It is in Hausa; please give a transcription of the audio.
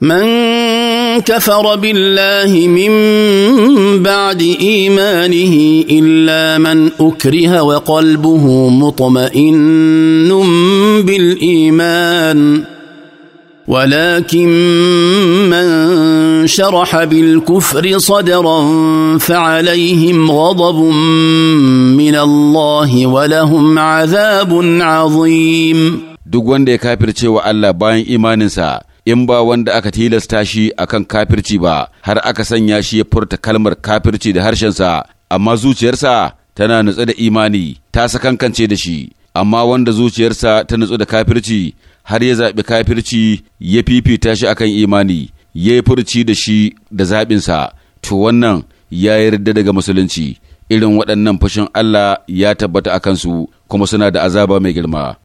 من كفر بالله من بعد ايمانه الا من اكره وقلبه مطمئن بالايمان ولكن من شرح بالكفر صدرا فعليهم غضب من الله ولهم عذاب عظيم duk wanda ya kafirce wa باين إيمان imaninsa in ba wanda aka tilasta shi akan kafirci ba har aka sanya shi ya furta kalmar kafirci da harshensa amma zuciyarsa tana nutsu da imani ta sakankance da shi amma wanda zuciyarsa ta nutsu da kafirci har ya zaɓi kafirci ya fifita shi akan imani ya yi furci da shi da zaɓinsa to wannan ya yarda daga musulunci irin waɗannan fushin Allah ya tabbata a kansu kuma suna da azaba mai girma.